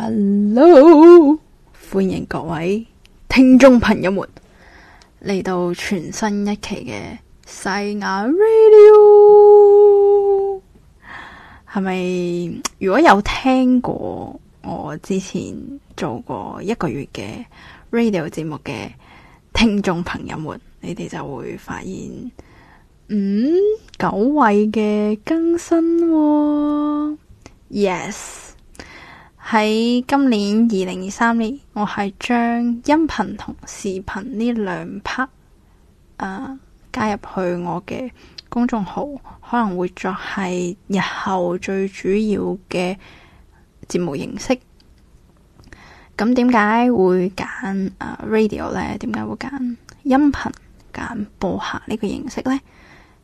hello，歡迎各位聽眾朋友們嚟到全新一期嘅細眼 radio，係咪？如果有聽過我之前做過一個月嘅 radio 節目嘅聽眾朋友們，你哋就會發現，嗯，九位嘅更新哦，yes。喺今年二零二三年，我係將音頻同視頻呢兩 part、啊、加入去我嘅公眾號，可能會作係日後最主要嘅節目形式。咁點解會揀 radio 呢？點解會揀音頻揀播客呢個形式呢？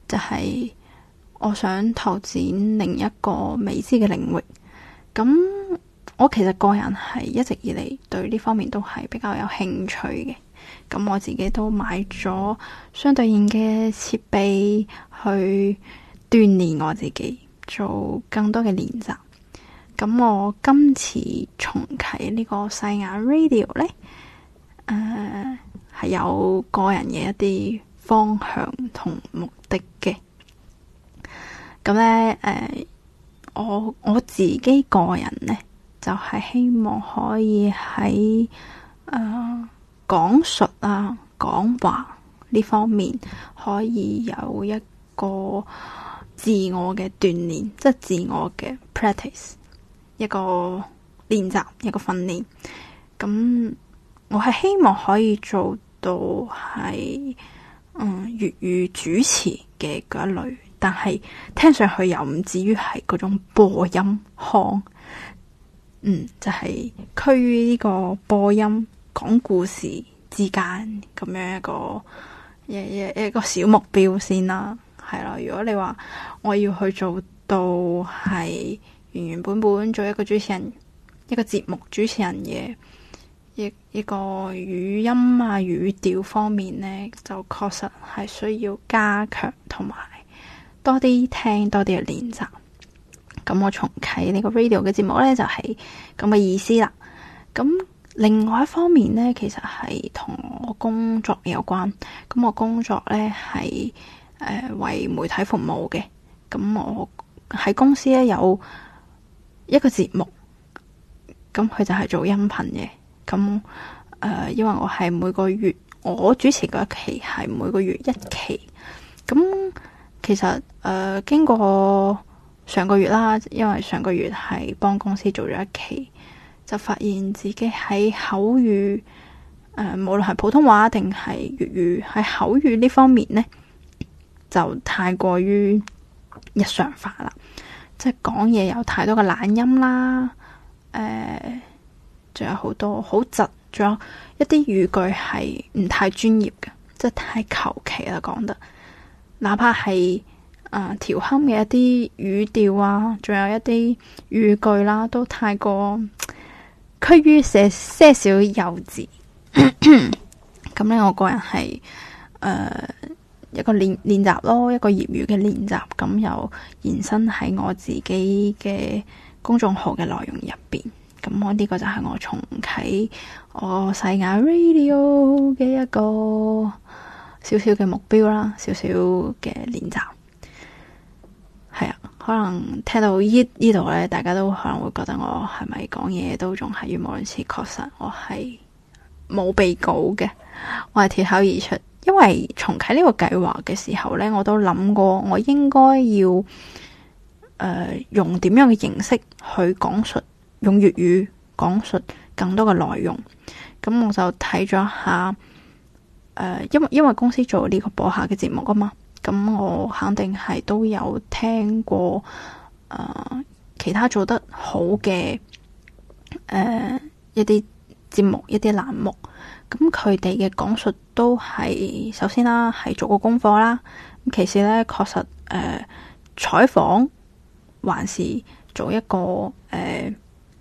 就係、是、我想拓展另一個未知嘅領域咁。我其實個人係一直以嚟對呢方面都係比較有興趣嘅，咁我自己都買咗相對應嘅設備去鍛煉我自己，做更多嘅練習。咁我今次重啟呢個細眼 Radio 咧，誒、呃，係有個人嘅一啲方向同目的嘅。咁咧，誒、呃，我我自己個人咧，就係希望可以喺誒、呃、講述啊講話呢方面可以有一個自我嘅鍛煉，即係自我嘅 practice 一個練習一個訓練。咁我係希望可以做到係嗯粵語主持嘅嗰一類，但係聽上去又唔至於係嗰種播音腔。嗯，就係、是、區於呢個播音講故事之間咁樣一個一一、yeah, yeah, 一個小目標先啦，係啦。如果你話我要去做到係原原本本做一個主持人，一個節目主持人嘅，一一個語音啊語調方面呢，就確實係需要加強，同埋多啲聽，多啲嘅練習。咁我重啟呢個 radio 嘅節目呢，就係咁嘅意思啦。咁另外一方面呢，其實係同我工作有關。咁我工作呢，係誒、呃、為媒體服務嘅。咁我喺公司呢有一個節目，咁佢就係做音頻嘅。咁誒、呃，因為我係每個月我主持嗰一期係每個月一期。咁其實誒、呃、經過。上個月啦，因為上個月係幫公司做咗一期，就發現自己喺口語，誒、呃，無論係普通話定係粵語，喺口語呢方面呢，就太過於日常化啦，即係講嘢有太多嘅懶音啦，仲、呃、有好多好窒，仲有一啲語句係唔太專業嘅，即係太求其啦講得，哪怕係。啊，調音嘅一啲語調啊，仲有一啲語句啦、啊，都太過趨於寫些少幼稚。咁呢、 嗯，我個人係誒、呃、一個練練習咯，一個業餘嘅練習。咁、嗯、又延伸喺我自己嘅公眾號嘅內容入邊。咁我呢個就係我重啟我細眼 radio 嘅一個小小嘅目標啦，小小嘅練習。係啊，可能聽到呢呢度咧，大家都可能會覺得我係咪講嘢都仲係語無倫次？確實我，我係冇備稿嘅，我係脫口而出。因為重啟呢個計劃嘅時候咧，我都諗過我應該要誒、呃、用點樣嘅形式去講述，用粵語講述更多嘅內容。咁我就睇咗下誒、呃，因為因為公司做呢個播客嘅節目啊嘛。咁我肯定係都有聽過誒、呃，其他做得好嘅誒、呃、一啲節目，一啲欄目，咁佢哋嘅講述都係首先啦，係做過功課啦。咁其次呢，確實誒採、呃、訪還是做一個誒、呃、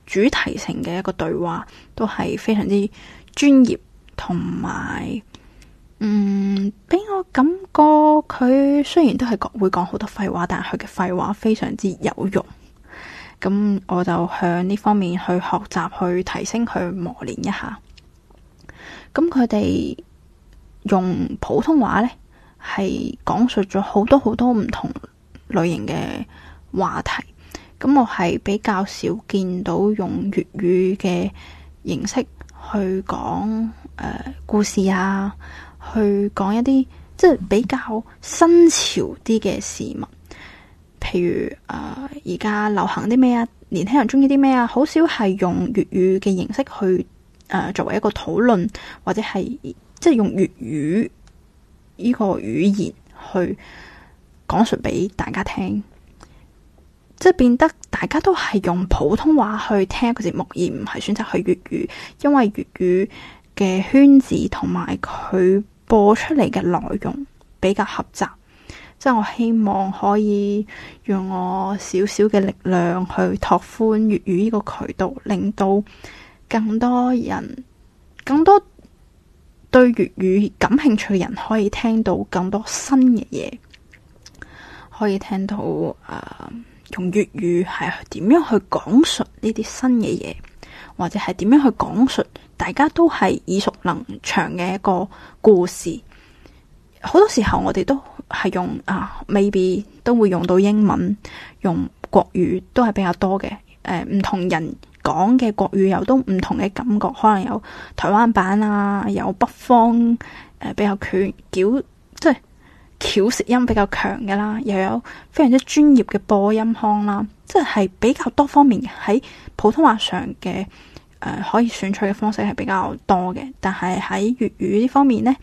主題性嘅一個對話，都係非常之專業同埋嗯，俾我感覺佢雖然都係講會講好多廢話，但係佢嘅廢話非常之有用。咁我就向呢方面去學習，去提升，去磨練一下。咁佢哋用普通話呢，係講述咗好多好多唔同類型嘅話題。咁我係比較少見到用粵語嘅形式去講，呃，故事啊。去講一啲即係比較新潮啲嘅事物，譬如誒而家流行啲咩啊，年輕人中意啲咩啊，好少係用粵語嘅形式去誒、呃、作為一個討論，或者係即係用粵語呢個語言去講述俾大家聽，即係變得大家都係用普通話去聽個節目，而唔係選擇去粵語，因為粵語嘅圈子同埋佢。播出嚟嘅內容比較狹窄，即係我希望可以用我少少嘅力量去拓寬粵語呢個渠道，令到更多人、更多對粵語感興趣嘅人可以聽到更多新嘅嘢，可以聽到誒、呃、用粵語係點樣去講述呢啲新嘅嘢。或者係點樣去講述，大家都係耳熟能詳嘅一個故事。好多時候我哋都係用啊，maybe 都會用到英文，用國語都係比較多嘅。誒、呃，唔同人講嘅國語又都唔同嘅感覺，可能有台灣版啊，有北方誒、呃、比較缺。矯，即係。翹舌音比較強嘅啦，又有非常之專業嘅播音腔啦，即係比較多方面嘅。喺普通話上嘅誒、呃、可以選取嘅方式係比較多嘅，但係喺粵語呢方面呢，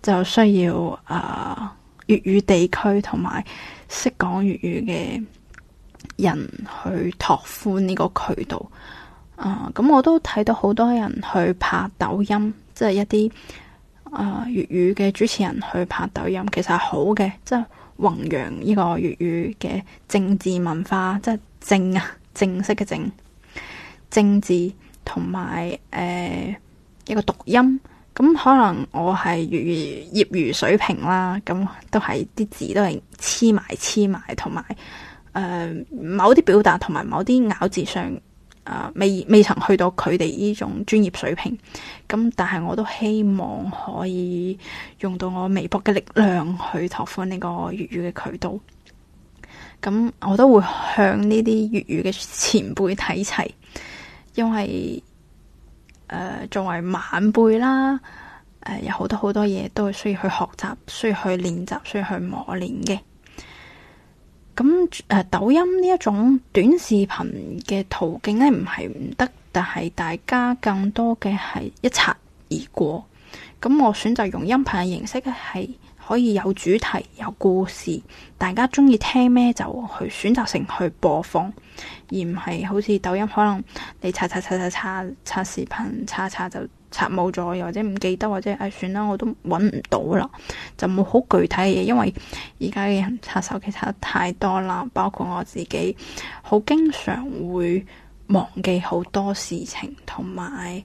就需要誒、呃、粵語地區同埋識講粵語嘅人去拓寬呢個渠道。啊、呃，咁我都睇到好多人去拍抖音，即係一啲。啊、呃！粵語嘅主持人去拍抖音，其實係好嘅，即係弘揚呢個粵語嘅政治文化，即係正啊，正式嘅正，政治同埋誒一個讀音。咁、嗯、可能我係粵語業餘水平啦，咁、嗯、都係啲字都係黐埋黐埋，同埋誒某啲表達同埋某啲咬字上。啊，未未曾去到佢哋呢種專業水平，咁但係我都希望可以用到我微博嘅力量去拓寬呢個粵語嘅渠道，咁我都會向呢啲粵語嘅前輩睇齊，因為誒、呃、作為晚輩啦，誒、呃、有好多好多嘢都係需要去學習，需要去練習，需要去磨練嘅。咁誒、呃，抖音呢一種短視頻嘅途徑呢，唔係唔得，但係大家更多嘅係一刷而過。咁我選擇用音頻嘅形式咧，係可以有主題、有故事，大家中意聽咩就去選擇性去播放，而唔係好似抖音可能你刷刷刷刷刷刷視頻，刷刷就。擦冇咗，又或者唔記得，或者哎，算啦，我都揾唔到啦，就冇好具體嘅嘢。因為而家嘅人擦手機擦得太多啦，包括我自己，好經常會忘記好多事情，同埋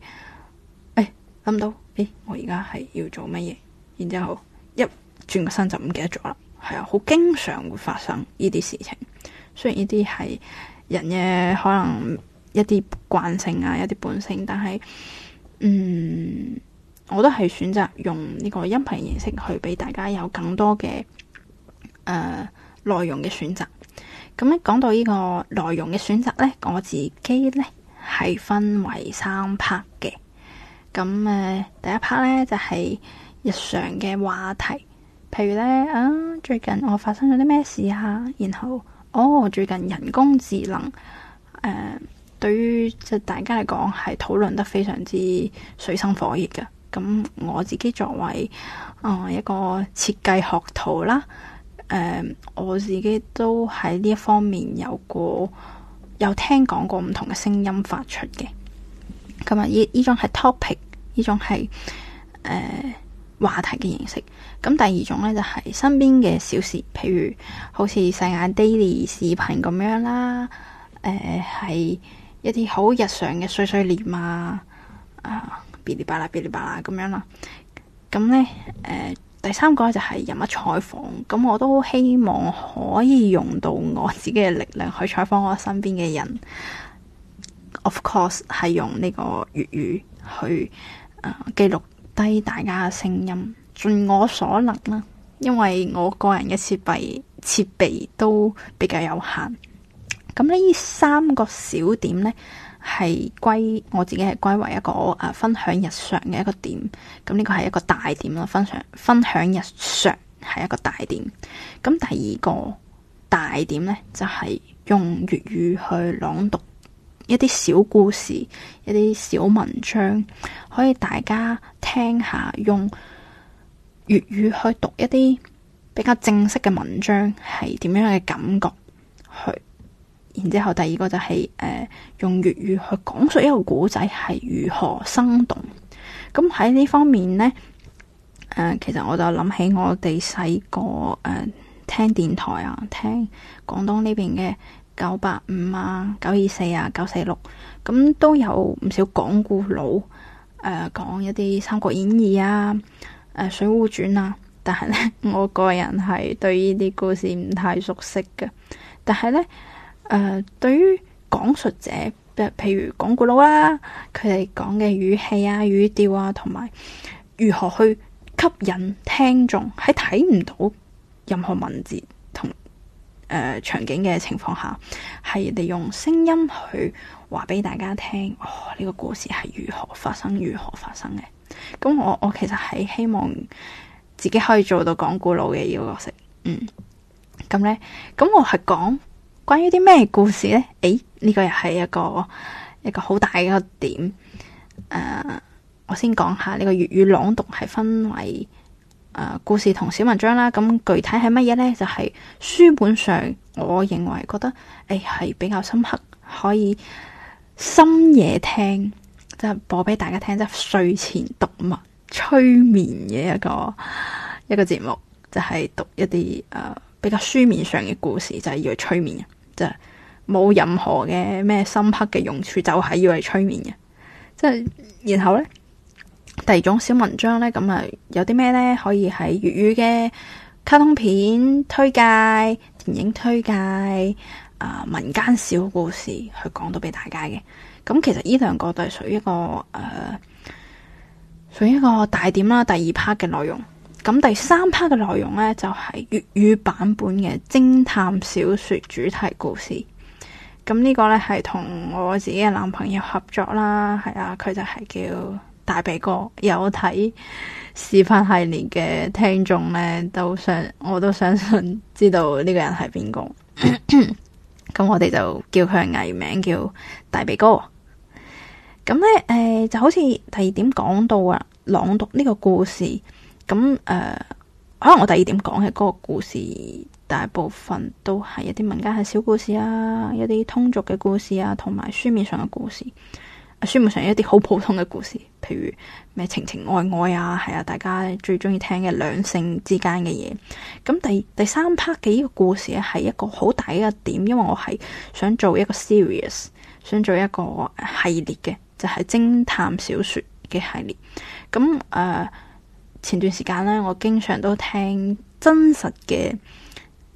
哎諗到咦、哎，我而家係要做乜嘢？然之後一轉個身就唔記得咗啦。係啊，好經常會發生呢啲事情。雖然呢啲係人嘅可能一啲慣性啊，一啲本性，但係，嗯，我都係選擇用呢個音頻形式去俾大家有更多嘅誒內容嘅選擇。咁咧講到個內呢個內容嘅選擇咧，我自己咧係分為三 part 嘅。咁誒、呃，第一 part 咧就係、是、日常嘅話題，譬如咧啊、嗯，最近我發生咗啲咩事啊，然後哦，最近人工智能誒。呃對於即大家嚟講，係討論得非常之水深火熱嘅。咁我自己作為啊、呃、一個設計學徒啦，誒、呃、我自己都喺呢一方面有過有聽講過唔同嘅聲音發出嘅。咁、嗯、啊，呢呢種係 topic，呢種係誒、呃、話題嘅形式。咁、嗯、第二種呢，就係、是、身邊嘅小事，譬如好似細眼 daily 視頻咁樣啦，誒、呃、係。一啲好日常嘅碎碎念啊，啊，噼里啪啦，噼里啪啦，咁樣啦、啊。咁呢，誒、呃，第三個就係人物採訪。咁我都希望可以用到我自己嘅力量去採訪我身邊嘅人。Of course，係用呢個粵語去啊、呃、記錄低大家嘅聲音，盡我所能啦。因為我個人嘅設備設備都比較有限。咁呢三個小點呢，係歸我自己係歸為一個誒、啊、分享日常嘅一個點。咁、這、呢個係一個大點啦，分享分享日常係一個大點。咁第二個大點呢，就係、是、用粵語去朗讀一啲小故事、一啲小文章，可以大家聽下用粵語去讀一啲比較正式嘅文章係點樣嘅感覺去。然之後，第二個就係、是、誒、呃、用粵語去講述一個古仔，係如何生動。咁喺呢方面呢，誒、呃、其實我就諗起我哋細個誒聽電台啊，聽廣東呢邊嘅九八五啊、九二四啊、九四六，咁都有唔少講故佬誒講一啲《三國演義》啊、呃、《水滸傳》啊，但係呢，我個人係對呢啲故事唔太熟悉嘅，但係呢。誒、呃，對於講述者，譬如講古佬啦，佢哋講嘅語氣啊、語調啊，同埋如何去吸引聽眾，喺睇唔到任何文字同誒、呃、場景嘅情況下，係利用聲音去話俾大家聽，哦，呢、呢個故事係如何發生、如何發生嘅。咁我我其實係希望自己可以做到講古佬嘅呢個角色，嗯。咁呢，咁我係講。關於啲咩故事呢？誒，呢個又係一個一個好大嘅點。誒，我先講下呢個粵語朗讀係分為誒故事同小文章啦。咁具體係乜嘢呢？就係書本上我認為覺得誒係比較深刻，可以深夜聽，即係播俾大家聽，即係睡前讀物、催眠嘅一個一個節目，就係讀一啲誒比較書面上嘅故事，就係要催眠。就冇任何嘅咩深刻嘅用處，就係要嚟催眠嘅。即係然後呢，第二種小文章呢，咁啊有啲咩呢？可以喺粵語嘅卡通片推介、電影推介、呃、民間小故事去講到俾大家嘅。咁其實呢兩個都係屬於一個誒、呃，屬於一個大點啦，第二 part 嘅內容。咁第三 part 嘅內容呢，就係粵語版本嘅偵探小說主題故事。咁呢個呢，係同我自己嘅男朋友合作啦，係啊，佢就係叫大鼻哥。有睇視頻系列嘅聽眾呢，都相我都相信知道呢個人係邊個。咁 我哋就叫佢藝名叫大鼻哥。咁呢，誒、呃，就好似第二點講到啊，朗讀呢個故事。咁誒、呃，可能我第二點講嘅嗰個故事，大部分都係一啲民間嘅小故事啊，一啲通俗嘅故事啊，同埋書面上嘅故事啊，書面上一啲好普通嘅故事，譬如咩情情愛愛啊，係啊，大家最中意聽嘅兩性之間嘅嘢。咁第第三 part 嘅呢個故事咧啊，係一個好大嘅一點，因為我係想做一個 series，想做一個系列嘅，就係、是、偵探小說嘅系列。咁誒、呃前段時間咧，我經常都聽真實嘅、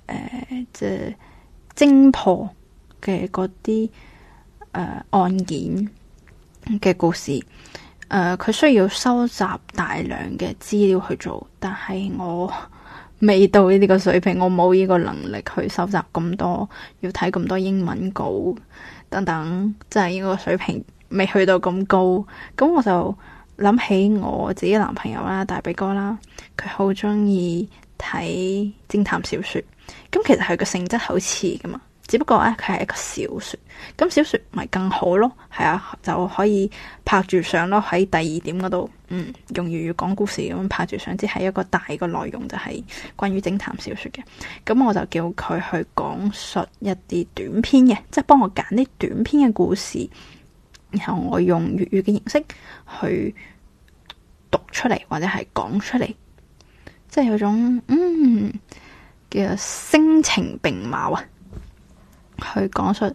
誒，即係偵破嘅嗰啲誒案件嘅故事。誒、呃，佢需要收集大量嘅資料去做，但係我未到呢個水平，我冇呢個能力去收集咁多，要睇咁多英文稿等等，即係呢個水平未去到咁高，咁我就。諗起我自己男朋友啦，大鼻哥啦，佢好中意睇偵探小說，咁其實佢個性質好似噶嘛，只不過咧佢係一個小說，咁小說咪更好咯，係啊，就可以拍住上咯。喺第二點嗰度，嗯，用粵語講故事咁拍住上，只係一個大個內容就係關於偵探小說嘅，咁我就叫佢去講述一啲短篇嘅，即係幫我揀啲短篇嘅故事，然後我用粵語嘅形式去。讀出嚟或者係講出嚟，即係有種嗯，叫做聲情並茂啊，去講述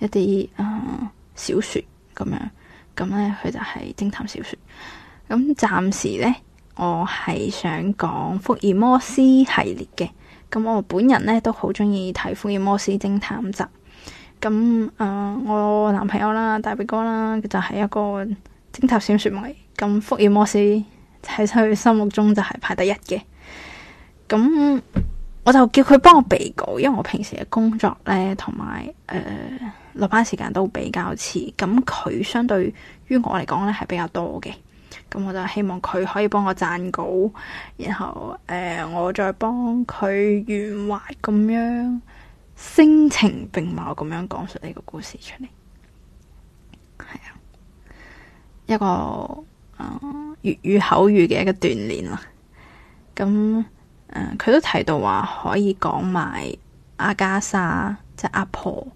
一啲啊、呃、小說咁樣，咁呢，佢就係偵探小說。咁暫時呢，我係想講福爾摩斯系列嘅。咁我本人呢，都好中意睇福爾摩斯偵探集。咁啊、呃，我男朋友啦，大鼻哥啦，就係一個偵探小說迷。咁福爾摩斯喺佢心目中就係排第一嘅，咁我就叫佢幫我備稿，因為我平時嘅工作呢，同埋誒落班時間都比較遲，咁佢相對於我嚟講呢，係比較多嘅，咁我就希望佢可以幫我贊稿，然後誒、呃、我再幫佢圓滑咁樣，聲情並茂咁樣講述呢個故事出嚟，係啊，一個。啊，粵、呃、語口語嘅一個鍛煉啦。咁，佢、呃、都提到話可以講埋阿加莎即係阿婆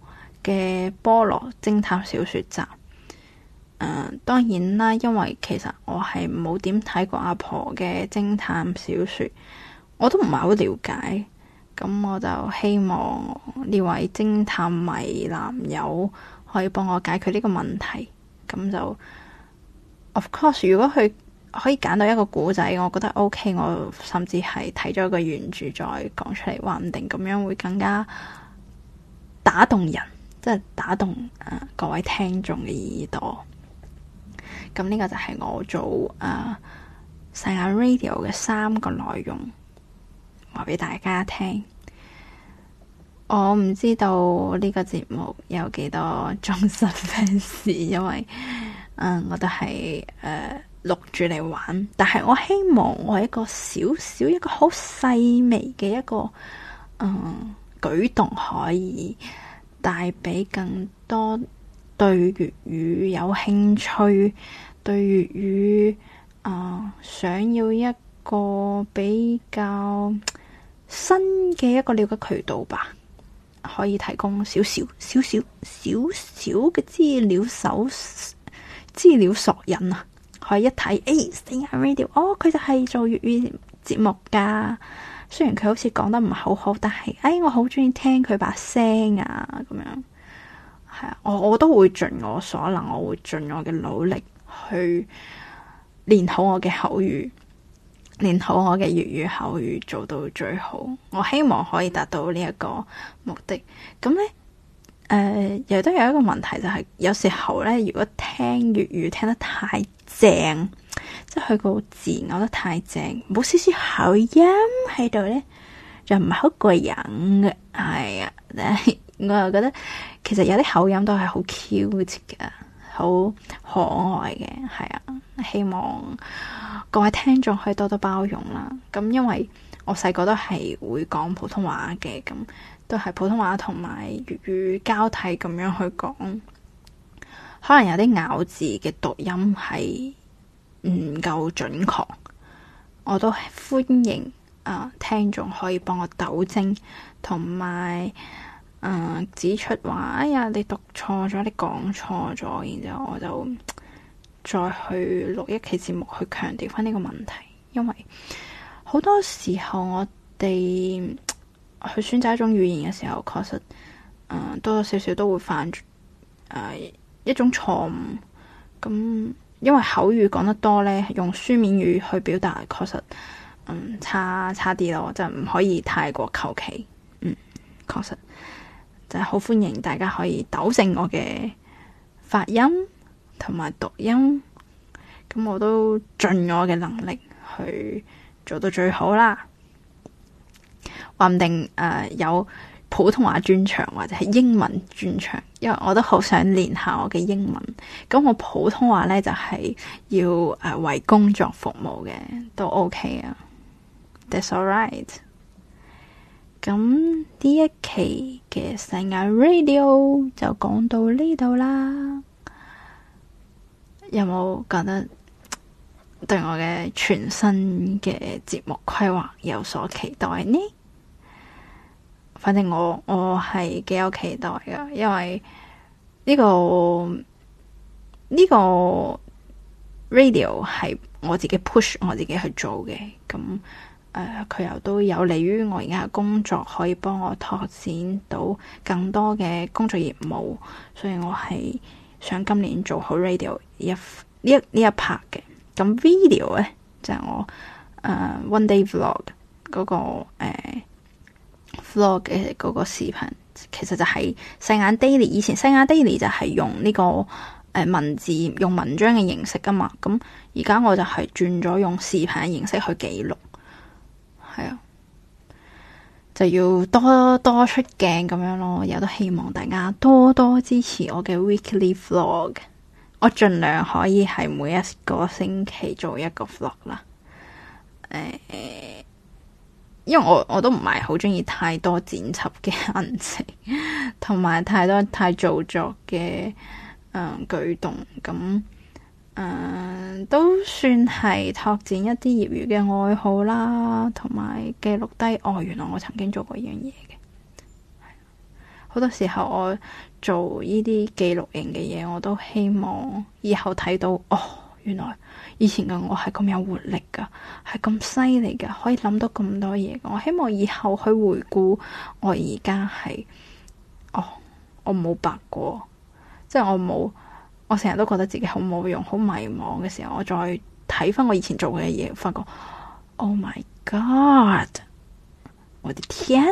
嘅《波羅偵探小說集》呃。誒，當然啦，因為其實我係冇點睇過阿婆嘅偵探小說，我都唔係好了解。咁我就希望呢位偵探迷男友可以幫我解決呢個問題。咁就。Of course，如果佢可以揀到一個古仔，我覺得 OK。我甚至係睇咗個原著再講出嚟，話唔定咁樣會更加打動人，即係打動、呃、各位聽眾嘅耳朵。咁呢個就係我做誒呃、細眼 radio 嘅三個內容，話俾大家聽。我唔知道呢個節目有幾多忠實 fans，因為。嗯，我就係誒錄住嚟玩，但係我希望我係一個小小一個好細微嘅一個誒、嗯、舉動，可以帶畀更多對粵語有興趣、對粵語啊、呃、想要一個比較新嘅一個瞭解渠道吧，可以提供少少少少少少嘅資料搜。資料索引啊，可以一睇，哎，Sound Radio，哦，佢就係做粵語節目噶。雖然佢好似講得唔係好好，但係，哎，我好中意聽佢把聲啊，咁樣係啊，我我都會盡我所能，我會盡我嘅努力去練好我嘅口語，練好我嘅粵語口語，做到最好。我希望可以達到呢一個目的。咁咧。誒、又、呃、都有一個問題就係、是，有時候咧，如果聽粵語聽得太正，即係佢個字咬得太正，冇少少口音喺度咧，呢哎、 就唔係好過癮嘅。係啊，但係我又覺得其實有啲口音都係好 cute 嘅，好可愛嘅。係啊，希望各位聽眾可以多多包容啦。咁因為我細個都係會講普通話嘅，咁都係普通話同埋粵語交替咁樣去講，可能有啲咬字嘅讀音係唔夠準確，我都歡迎啊、呃、聽眾可以幫我糾正同埋、呃、指出話哎呀你讀錯咗，你講錯咗，然之後我就再去錄一期節目去強調翻呢個問題，因為好多時候我哋，去選擇一種語言嘅時候，確實、嗯，多多少少都會犯誒、呃、一種錯誤。咁、嗯、因為口語講得多呢，用書面語去表達，確實，嗯，差差啲咯，就唔可以太過求其。嗯，確實，就係、是、好歡迎大家可以糾正我嘅發音同埋讀音。咁、嗯就是、我都盡我嘅能力去做到最好啦。唔定誒、呃，有普通話專場或者係英文專場，因為我都好想練下我嘅英文。咁我普通話呢，就係、是、要誒、呃、為工作服務嘅，都 OK 啊。That's all right。咁呢一期嘅細眼 Radio 就講到呢度啦。有冇覺得對我嘅全新嘅節目規劃有所期待呢？反正我我係幾有期待㗎，因為呢個呢個 radio 係我自己 push 我自己去做嘅，咁誒佢又都有利於我而家嘅工作，可以幫我拓展到更多嘅工作業務，所以我係想今年做好 radio 一,一呢一呢一 part 嘅。咁 video 咧就係、係、我誒、呃、one day vlog 嗰、嗰個誒。呃 Vlog 嘅嗰個視頻其實就係細眼 Daily，以前細眼 Daily 就係用呢個誒文字用文章嘅形式噶嘛，咁而家我就係轉咗用視頻嘅形式去記錄，係啊，就要多多出鏡咁樣咯，又都希望大家多多支持我嘅 weekly vlog，我盡量可以係每一個星期做一個 vlog 啦，誒、uh。因為我我都唔係好鍾意太多剪輯嘅痕迹，同 埋太多太做作嘅誒、嗯、舉動，咁、嗯、都算係拓展一啲業餘嘅愛好啦，同埋記錄低哦，原來我曾經做過一樣嘢嘅。好多時候我做呢啲記錄型嘅嘢，我都希望以後睇到哦，原來。以前嘅我係咁有活力噶，係咁犀利噶，可以諗到咁多嘢噶。我希望以後去回顧我而家係，哦，我冇白過，即係我冇，我成日都覺得自己好冇用、好迷茫嘅時候，我再睇翻我以前做嘅嘢，發覺，Oh my God！我的天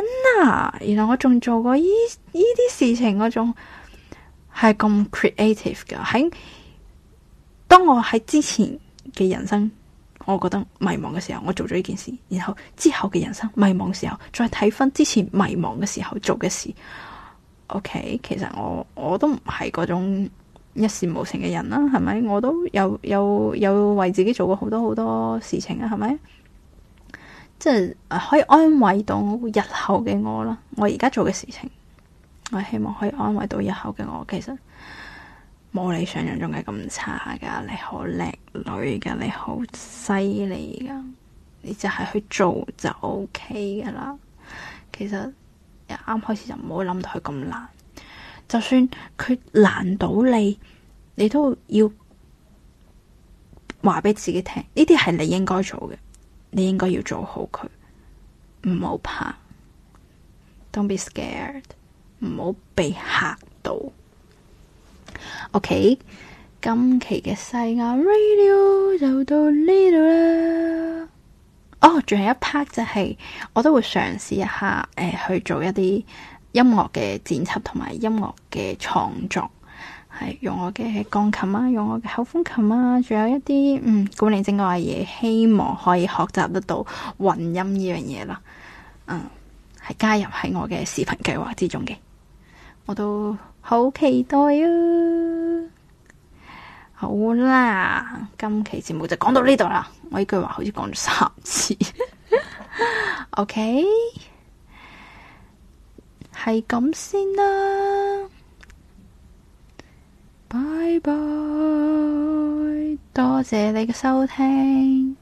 啊！原來我仲做過呢呢啲事情，嗰種係咁 creative 噶。喺當我喺之前嘅人生，我覺得迷茫嘅時候，我做咗呢件事，然後之後嘅人生迷茫時候，再睇翻之前迷茫嘅時候做嘅事。OK，其實我我都唔係嗰種一事無成嘅人啦，係咪？我都有有有為自己做過好多好多事情啊，係咪？即係可以安慰到日後嘅我啦。我而家做嘅事情，我希望可以安慰到日後嘅我。其實。冇你想象中嘅咁差噶，你好叻女噶，你好犀利噶，你就係去做就 OK 噶啦。其實，一啱開始就唔好諗到佢咁難，就算佢難到你，你都要話俾自己聽，呢啲係你應該做嘅，你應該要做好佢，唔好怕，Don't be scared，唔好被嚇到。OK，今期嘅細眼 Radio 就到呢度啦。哦，仲有一 part 就係、是，我都會嘗試一下誒、呃，去做一啲音樂嘅剪輯同埋音樂嘅創作，係用我嘅鋼琴啊，用我嘅口風琴啊，仲有一啲嗯，古靈精怪嘢，希望可以學習得到混音呢樣嘢啦。嗯，係加入喺我嘅視頻計劃之中嘅，我都。好期待啊！好啦，今期節目就講到呢度啦。我呢句話好似講咗三次。OK？係咁先啦。拜拜，多謝你嘅收聽。